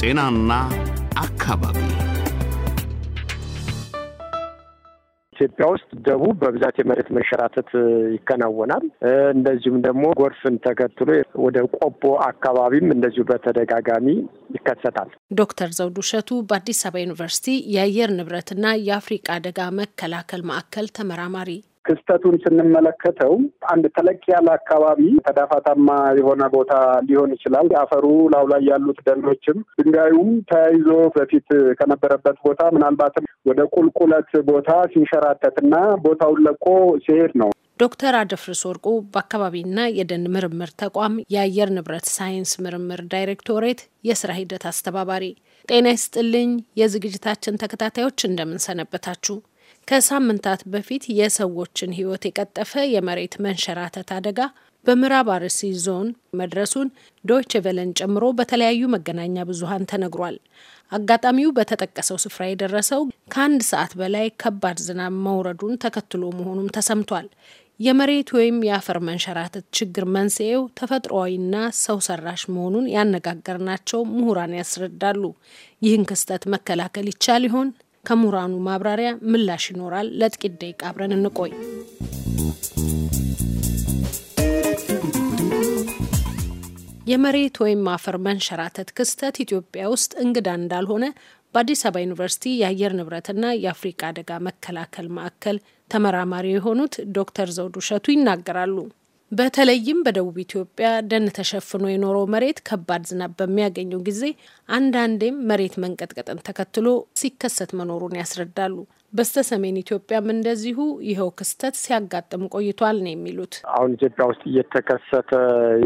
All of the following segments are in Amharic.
ጤናና አካባቢ ኢትዮጵያ ውስጥ ደቡብ በብዛት የመሬት መንሸራተት ይከናወናል። እንደዚሁም ደግሞ ጎርፍን ተከትሎ ወደ ቆቦ አካባቢም እንደዚሁ በተደጋጋሚ ይከሰታል። ዶክተር ዘውዱ እሸቱ በአዲስ አበባ ዩኒቨርሲቲ የአየር ንብረትና የአፍሪቃ አደጋ መከላከል ማዕከል ተመራማሪ ክስተቱን ስንመለከተው አንድ ተለቅ ያለ አካባቢ ተዳፋታማ የሆነ ቦታ ሊሆን ይችላል። አፈሩ ላው ላይ ያሉት ደኖችም ድንጋዩም ተያይዞ በፊት ከነበረበት ቦታ ምናልባትም ወደ ቁልቁለት ቦታ ሲንሸራተትና ቦታውን ለቆ ሲሄድ ነው። ዶክተር አደፍርስ ወርቁ በአካባቢና የደን ምርምር ተቋም የአየር ንብረት ሳይንስ ምርምር ዳይሬክቶሬት የስራ ሂደት አስተባባሪ። ጤና ይስጥልኝ የዝግጅታችን ተከታታዮች እንደምንሰነበታችሁ ከሳምንታት በፊት የሰዎችን ሕይወት የቀጠፈ የመሬት መንሸራተት አደጋ በምዕራብ አርሲ ዞን መድረሱን ዶይቼ ቬለን ጨምሮ በተለያዩ መገናኛ ብዙኃን ተነግሯል። አጋጣሚው በተጠቀሰው ስፍራ የደረሰው ከአንድ ሰዓት በላይ ከባድ ዝናብ መውረዱን ተከትሎ መሆኑም ተሰምቷል። የመሬት ወይም የአፈር መንሸራተት ችግር መንስኤው ተፈጥሯዊና ሰው ሰራሽ መሆኑን ያነጋገርናቸው ምሁራን ያስረዳሉ። ይህን ክስተት መከላከል ይቻል ይሆን? ከምሁራኑ ማብራሪያ ምላሽ ይኖራል። ለጥቂት ደቂቃ አብረን እንቆይ። የመሬት ወይም አፈር መንሸራተት ክስተት ኢትዮጵያ ውስጥ እንግዳ እንዳልሆነ በአዲስ አበባ ዩኒቨርሲቲ የአየር ንብረትና የአፍሪካ አደጋ መከላከል ማዕከል ተመራማሪ የሆኑት ዶክተር ዘውዱ እሸቱ ይናገራሉ። በተለይም በደቡብ ኢትዮጵያ ደን ተሸፍኖ የኖረው መሬት ከባድ ዝናብ በሚያገኘው ጊዜ አንዳንዴም መሬት መንቀጥቀጥን ተከትሎ ሲከሰት መኖሩን ያስረዳሉ። በስተ ሰሜን ኢትዮጵያም እንደዚሁ ይኸው ክስተት ሲያጋጥም ቆይቷል ነው የሚሉት። አሁን ኢትዮጵያ ውስጥ እየተከሰተ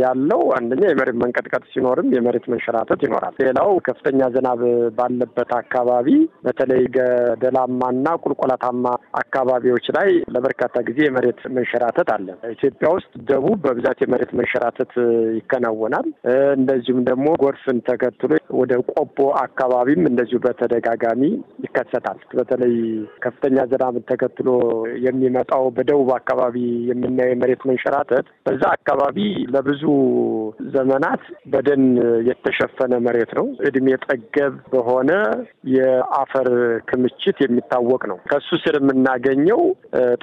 ያለው አንደኛ የመሬት መንቀጥቀጥ ሲኖርም የመሬት መንሸራተት ይኖራል። ሌላው ከፍተኛ ዝናብ ባለበት አካባቢ በተለይ ገደላማና ቁልቆላታማ አካባቢዎች ላይ ለበርካታ ጊዜ የመሬት መንሸራተት አለ። ኢትዮጵያ ውስጥ ደቡብ በብዛት የመሬት መንሸራተት ይከናወናል። እንደዚሁም ደግሞ ጎርፍን ተከትሎ ወደ ቆቦ አካባቢም እንደዚሁ በተደጋጋሚ ይከሰታል። በተለይ ከፍተኛ ዝናብን ተከትሎ የሚመጣው በደቡብ አካባቢ የምናየው የመሬት መንሸራተት በዛ አካባቢ ለብዙ ዘመናት በደን የተሸፈነ መሬት ነው። እድሜ ጠገብ በሆነ የአፈር ክምችት የሚታወቅ ነው። ከሱ ስር የምናገኘው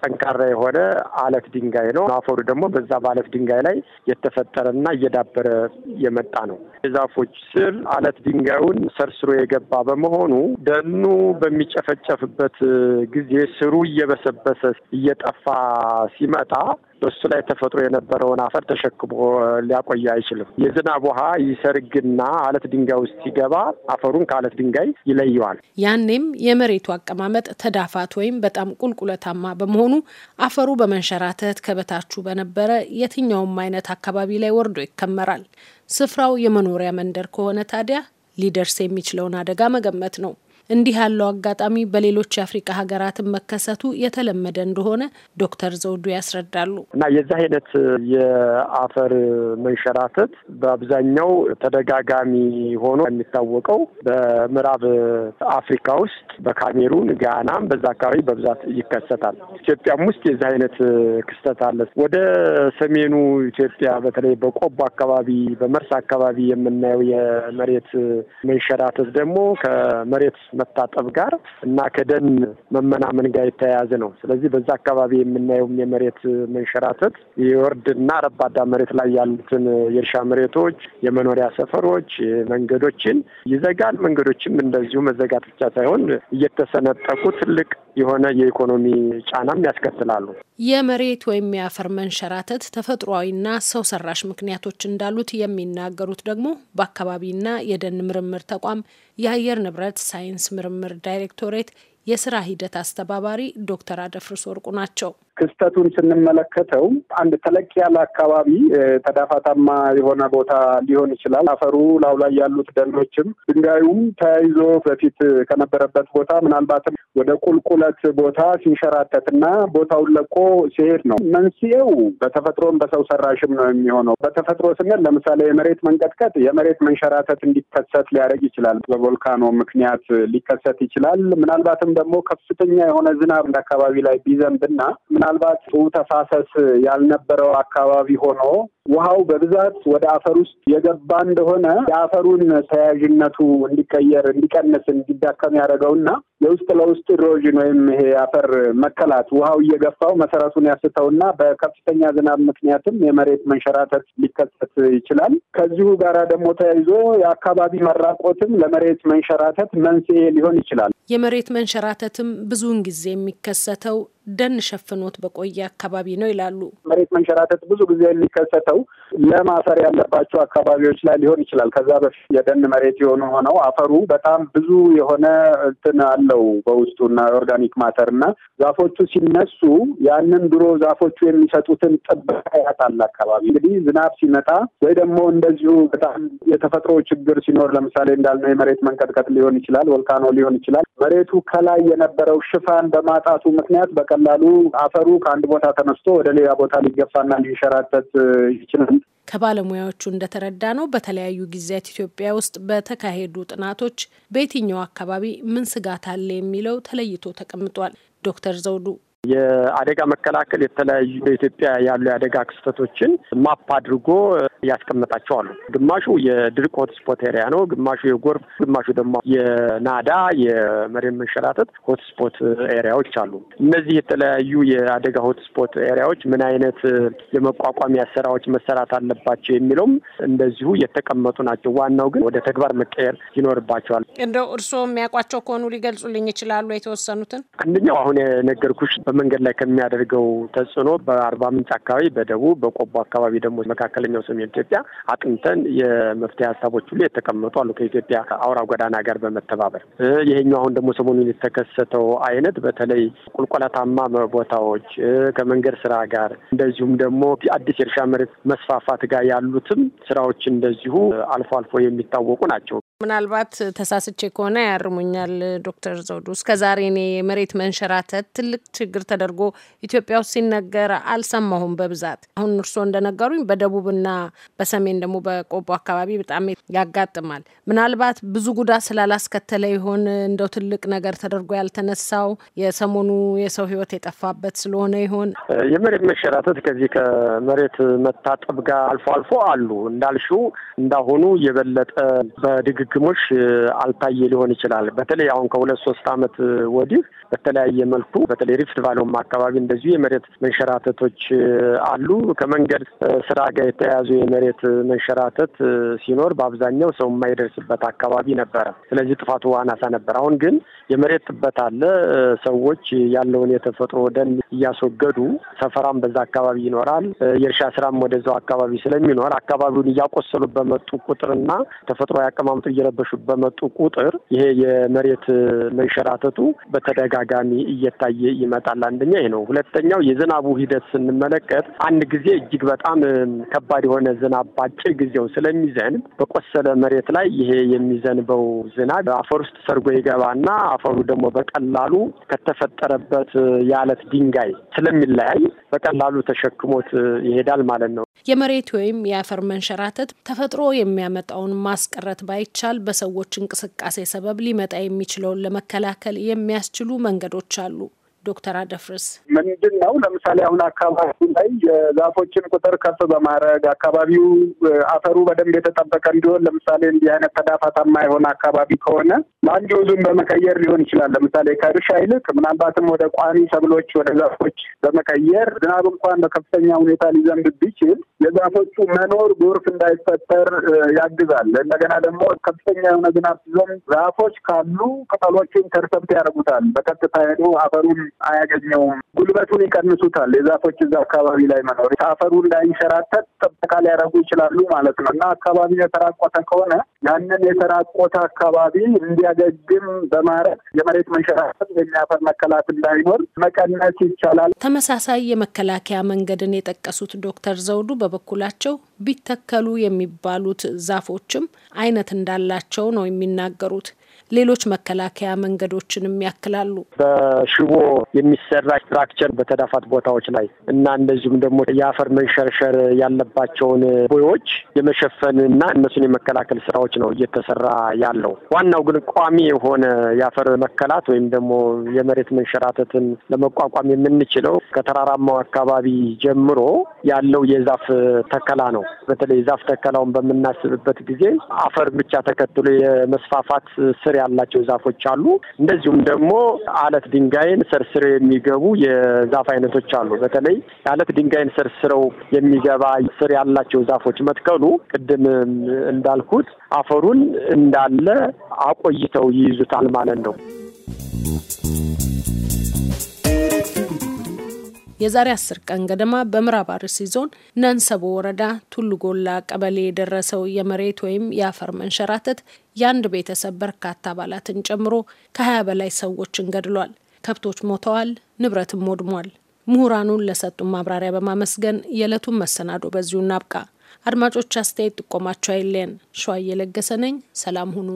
ጠንካራ የሆነ አለት ድንጋይ ነው። አፈሩ ደግሞ በዛ በአለት ድንጋይ ላይ የተፈጠረና እየዳበረ የመጣ ነው። የዛፎች ስር አለት ድንጋዩን ሰርስሮ የገባ በመሆኑ ደኑ በሚጨፈጨፍበት ጊዜ ስሩ እየበሰበሰ እየጠፋ ሲመጣ በሱ ላይ ተፈጥሮ የነበረውን አፈር ተሸክሞ ሊያቆያ አይችልም። የዝናብ ውሃ ይሰርግና አለት ድንጋይ ውስጥ ሲገባ አፈሩን ከአለት ድንጋይ ይለየዋል። ያኔም የመሬቱ አቀማመጥ ተዳፋት ወይም በጣም ቁልቁለታማ በመሆኑ አፈሩ በመንሸራተት ከበታቹ በነበረ የትኛውም አይነት አካባቢ ላይ ወርዶ ይከመራል። ስፍራው የመኖሪያ መንደር ከሆነ ታዲያ ሊደርስ የሚችለውን አደጋ መገመት ነው። እንዲህ ያለው አጋጣሚ በሌሎች የአፍሪካ ሀገራትን መከሰቱ የተለመደ እንደሆነ ዶክተር ዘውዱ ያስረዳሉ። እና የዚህ አይነት የአፈር መንሸራተት በአብዛኛው ተደጋጋሚ ሆኖ የሚታወቀው በምዕራብ አፍሪካ ውስጥ በካሜሩን፣ ጋናም በዛ አካባቢ በብዛት ይከሰታል። ኢትዮጵያም ውስጥ የዚህ አይነት ክስተት አለ። ወደ ሰሜኑ ኢትዮጵያ በተለይ በቆቦ አካባቢ፣ በመርሳ አካባቢ የምናየው የመሬት መንሸራተት ደግሞ ከመሬት መታጠብ ጋር እና ከደን መመናመን ጋር የተያያዘ ነው። ስለዚህ በዛ አካባቢ የምናየውም የመሬት መንሸራተት የወርድና ረባዳ መሬት ላይ ያሉትን የእርሻ መሬቶች፣ የመኖሪያ ሰፈሮች፣ መንገዶችን ይዘጋል። መንገዶችም እንደዚሁ መዘጋት ብቻ ሳይሆን እየተሰነጠቁ ትልቅ የሆነ የኢኮኖሚ ጫናም ያስከትላሉ። የመሬት ወይም የአፈር መንሸራተት ተፈጥሯዊና ሰው ሰራሽ ምክንያቶች እንዳሉት የሚናገሩት ደግሞ በአካባቢና የደን ምርምር ተቋም የአየር ንብረት ሳይንስ ምርምር ዳይሬክቶሬት የስራ ሂደት አስተባባሪ ዶክተር አደፍርስ ወርቁ ናቸው። ክስተቱን ስንመለከተው አንድ ተለቅ ያለ አካባቢ ተዳፋታማ የሆነ ቦታ ሊሆን ይችላል። አፈሩ ላዩ ላይ ያሉት ደኖችም ድንጋዩም ተያይዞ በፊት ከነበረበት ቦታ ምናልባትም ወደ ቁልቁለት ቦታ ሲንሸራተትና ቦታውን ለቆ ሲሄድ ነው። መንስኤው በተፈጥሮም በሰው ሰራሽም ነው የሚሆነው። በተፈጥሮ ስንል ለምሳሌ የመሬት መንቀጥቀጥ የመሬት መንሸራተት እንዲከሰት ሊያደርግ ይችላል። በቮልካኖ ምክንያት ሊከሰት ይችላል። ምናልባትም ደግሞ ከፍተኛ የሆነ ዝናብ እንደ አካባቢ ላይ ቢዘንብና ምናልባት ተፋሰስ ያልነበረው አካባቢ ሆኖ ውሃው በብዛት ወደ አፈር ውስጥ የገባ እንደሆነ የአፈሩን ተያያዥነቱ እንዲቀየር፣ እንዲቀንስ፣ እንዲዳከም ያደረገውና የውስጥ ለውስጥ ኢሮዥን ወይም ይሄ አፈር መከላት ውሃው እየገፋው መሰረቱን ያስተውና በከፍተኛ ዝናብ ምክንያትም የመሬት መንሸራተት ሊከሰት ይችላል። ከዚሁ ጋራ ደግሞ ተያይዞ የአካባቢ መራቆትም ለመሬት መንሸራተት መንስኤ ሊሆን ይችላል። የመሬት መንሸራተትም ብዙውን ጊዜ የሚከሰተው ደን ሸፍኖት በቆየ አካባቢ ነው ይላሉ። መሬት መንሸራተት ብዙ ጊዜ የሚከሰተው ለም አፈር ያለባቸው አካባቢዎች ላይ ሊሆን ይችላል። ከዛ በፊት የደን መሬት የሆኑ ሆነው አፈሩ በጣም ብዙ የሆነ እንትን አለው በውስጡ እና ኦርጋኒክ ማተር እና ዛፎቹ ሲነሱ ያንን ድሮ ዛፎቹ የሚሰጡትን ጥበቃ ያጣል አካባቢ እንግዲህ ዝናብ ሲመጣ ወይ ደግሞ እንደዚሁ በጣም የተፈጥሮ ችግር ሲኖር ለምሳሌ እንዳልነው የመሬት መንቀጥቀጥ ሊሆን ይችላል፣ ወልካኖ ሊሆን ይችላል። መሬቱ ከላይ የነበረው ሽፋን በማጣቱ ምክንያት በቀላሉ አፈሩ ከአንድ ቦታ ተነስቶ ወደ ሌላ ቦታ ሊገፋና ሊንሸራተት ይችላል። ከባለሙያዎቹ እንደተረዳ ነው በተለያዩ ጊዜያት ኢትዮጵያ ውስጥ በተካሄዱ ጥናቶች በየትኛው አካባቢ ምን ስጋት አለ የሚለው ተለይቶ ተቀምጧል። ዶክተር ዘውዱ የአደጋ መከላከል የተለያዩ በኢትዮጵያ ያሉ የአደጋ ክስተቶችን ማፕ አድርጎ ያስቀመጣቸው አሉ። ግማሹ የድርቅ ሆትስፖት ኤሪያ ነው፣ ግማሹ የጎርፍ፣ ግማሹ ደግሞ የናዳ የመሬት መንሸራተት ሆትስፖት ኤሪያዎች አሉ። እነዚህ የተለያዩ የአደጋ ሆትስፖት ኤሪያዎች ምን አይነት የመቋቋሚያ ስራዎች መሰራት አለባቸው የሚለውም እንደዚሁ የተቀመጡ ናቸው። ዋናው ግን ወደ ተግባር መቀየር ይኖርባቸዋል። እንደው እርስዎ የሚያውቋቸው ከሆኑ ሊገልጹልኝ ይችላሉ የተወሰኑትን? አንደኛው አሁን የነገርኩሽ በመንገድ ላይ ከሚያደርገው ተጽዕኖ በአርባ ምንጭ አካባቢ፣ በደቡብ በቆቦ አካባቢ ደግሞ መካከለኛው ሰሜን ኢትዮጵያ አጥንተን የመፍትሄ ሀሳቦች ሁሉ የተቀመጡ አሉ ከኢትዮጵያ አውራ ጎዳና ጋር በመተባበር ይሄኛው አሁን ደግሞ ሰሞኑን የተከሰተው አይነት በተለይ ቁልቆለታማ ቦታዎች ከመንገድ ስራ ጋር እንደዚሁም ደግሞ አዲስ የእርሻ መሬት መስፋፋት ጋር ያሉትም ስራዎች እንደዚሁ አልፎ አልፎ የሚታወቁ ናቸው። ምናልባት ተሳስቼ ከሆነ ያርሙኛል ዶክተር ዘውዱ። እስከ ዛሬ እኔ የመሬት መንሸራተት ትልቅ ችግር ተደርጎ ኢትዮጵያ ውስጥ ሲነገር አልሰማሁም በብዛት። አሁን እርስዎ እንደነገሩኝ በደቡብና በሰሜን ደግሞ በቆቦ አካባቢ በጣም ያጋጥማል። ምናልባት ብዙ ጉዳት ስላላስከተለ ይሆን እንደው ትልቅ ነገር ተደርጎ ያልተነሳው? የሰሞኑ የሰው ሕይወት የጠፋበት ስለሆነ ይሆን? የመሬት መንሸራተት ከዚህ ከመሬት መታጠብ ጋር አልፎ አልፎ አሉ እንዳልሹ እንዳሁኑ የበለጠ በድግ ድግግሞሽ አልታየ ሊሆን ይችላል። በተለይ አሁን ከሁለት ሶስት አመት ወዲህ በተለያየ መልኩ በተለይ ሪፍት ባለውም አካባቢ እንደዚሁ የመሬት መንሸራተቶች አሉ። ከመንገድ ስራ ጋር የተያያዙ የመሬት መንሸራተት ሲኖር በአብዛኛው ሰው የማይደርስበት አካባቢ ነበረ። ስለዚህ ጥፋቱ አናሳ ነበር። አሁን ግን የመሬት ጥበት አለ። ሰዎች ያለውን የተፈጥሮ ደን እያስወገዱ ሰፈራም በዛ አካባቢ ይኖራል። የእርሻ ስራም ወደዛው አካባቢ ስለሚኖር አካባቢውን እያቆሰሉ በመጡ ቁጥርና ተፈጥሮ ያቀማምጡ እየለበሱ በመጡ ቁጥር ይሄ የመሬት መንሸራተቱ በተደጋጋሚ እየታየ ይመጣል። አንደኛ ይሄ ነው። ሁለተኛው የዝናቡ ሂደት ስንመለከት አንድ ጊዜ እጅግ በጣም ከባድ የሆነ ዝናብ በአጭር ጊዜው ስለሚዘንብ በቆሰለ መሬት ላይ ይሄ የሚዘንበው ዝናብ አፈር ውስጥ ሰርጎ ይገባና አፈሩ ደግሞ በቀላሉ ከተፈጠረበት የአለት ድንጋይ ስለሚለያይ በቀላሉ ተሸክሞት ይሄዳል ማለት ነው። የመሬት ወይም የአፈር መንሸራተት ተፈጥሮ የሚያመጣውን ማስቀረት ባይቻል መቻል በሰዎች እንቅስቃሴ ሰበብ ሊመጣ የሚችለውን ለመከላከል የሚያስችሉ መንገዶች አሉ። ዶክተር አደፍርስ? ምንድን ነው ለምሳሌ አሁን አካባቢ ላይ የዛፎችን ቁጥር ከፍ በማድረግ አካባቢው አፈሩ በደንብ የተጠበቀ እንዲሆን ለምሳሌ እንዲህ አይነት ተዳፋታማ የሆነ አካባቢ ከሆነ ማንድ በመቀየር ሊሆን ይችላል። ለምሳሌ ከእርሻ ይልቅ ምናልባትም ወደ ቋሚ ሰብሎች፣ ወደ ዛፎች በመቀየር ዝናብ እንኳን በከፍተኛ ሁኔታ ሊዘንብ ቢችል የዛፎቹ መኖር ጎርፍ እንዳይፈጠር ያግዛል። እንደገና ደግሞ ከፍተኛ የሆነ ዝናብ ሲዘንብ ዛፎች ካሉ ቅጠሎችን ተርሰብት ያደርጉታል። በቀጥታ ሄዶ አፈሩን አያገኘውም። ጉልበቱን ይቀንሱታል። የዛፎች እዛ አካባቢ ላይ መኖር አፈሩ እንዳይንሸራተት ጥበቃ ሊያደርጉ ይችላሉ ማለት ነው እና አካባቢ የተራቆተ ከሆነ ያንን የተራቆተ አካባቢ እንዲያገግም በማድረግ የመሬት መንሸራተት ወይም የአፈር መከላት እንዳይኖር መቀነስ ይቻላል። ተመሳሳይ የመከላከያ መንገድን የጠቀሱት ዶክተር ዘውዱ በበኩላቸው ቢተከሉ የሚባሉት ዛፎችም አይነት እንዳላቸው ነው የሚናገሩት። ሌሎች መከላከያ መንገዶችንም ያክላሉ። በሽቦ የሚሰራ ስትራክቸር በተዳፋት ቦታዎች ላይ እና እንደዚሁም ደግሞ የአፈር መንሸርሸር ያለባቸውን ቦዮች የመሸፈን እና እነሱን የመከላከል ስራዎች ነው እየተሰራ ያለው። ዋናው ግን ቋሚ የሆነ የአፈር መከላት ወይም ደግሞ የመሬት መንሸራተትን ለመቋቋም የምንችለው ከተራራማው አካባቢ ጀምሮ ያለው የዛፍ ተከላ ነው። በተለይ ዛፍ ተከላውን በምናስብበት ጊዜ አፈር ብቻ ተከትሎ የመስፋፋት ስር ያላቸው ዛፎች አሉ። እንደዚሁም ደግሞ አለት ድንጋይን ሰርስረው የሚገቡ የዛፍ አይነቶች አሉ። በተለይ አለት ድንጋይን ሰርስረው የሚገባ ስር ያላቸው ዛፎች መትከሉ ቅድም እንዳልኩት አፈሩን እንዳለ አቆይተው ይይዙታል ማለት ነው። የዛሬ አስር ቀን ገደማ በምዕራብ አርሲ ዞን ነንሰቦ ወረዳ ቱሉ ጎላ ቀበሌ የደረሰው የመሬት ወይም የአፈር መንሸራተት የአንድ ቤተሰብ በርካታ አባላትን ጨምሮ ከ20 በላይ ሰዎችን ገድሏል። ከብቶች ሞተዋል፣ ንብረትም ወድሟል። ምሁራኑን ለሰጡን ማብራሪያ በማመስገን የዕለቱን መሰናዶ በዚሁ እናብቃ። አድማጮች አስተያየት ጥቆማቸው አይለየን። ሸዋ እየለገሰ ነኝ። ሰላም ሁኑ።